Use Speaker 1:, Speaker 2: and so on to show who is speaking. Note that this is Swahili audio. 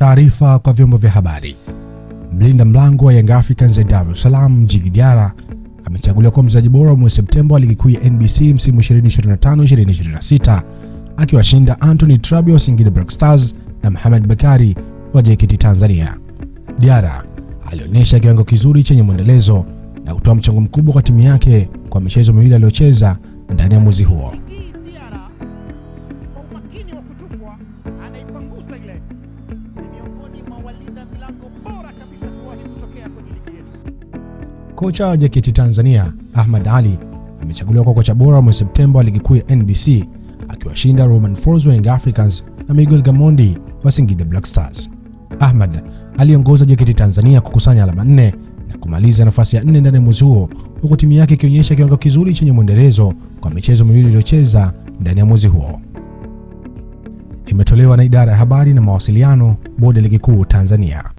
Speaker 1: taarifa kwa vyombo vya habari. Mlinda mlango wa Young Africans ya Dar es Salaam Djigui Diarra amechaguliwa kuwa mchezaji bora wa mwezi Septemba wa ligi kuu ya NBC msimu 2025-2026 akiwashinda Anthony Trabio wa Singida Black Stars na Mohamed Bakari wa JKT Tanzania. diara alionyesha kiwango kizuri chenye mwendelezo na kutoa mchango mkubwa kwa timu yake kwa michezo miwili aliyocheza ndani ya mwezi huo. Kocha wa JKT Tanzania Ahmad ali amechaguliwa kwa kocha bora mwezi Septemba wa ligi kuu ya NBC akiwashinda Roman Folz wa Young Africans na Miguel Gamondi wa Singida Black Stars. Ahmad aliongoza JKT Tanzania kukusanya alama nne na kumaliza nafasi ya nne ndani ya mwezi huo, huku timu yake ikionyesha kiwango kizuri chenye mwendelezo kwa michezo miwili iliyocheza ndani ya mwezi huo. Imetolewa na Idara ya Habari na Mawasiliano, Bodi ya Ligi Kuu Tanzania.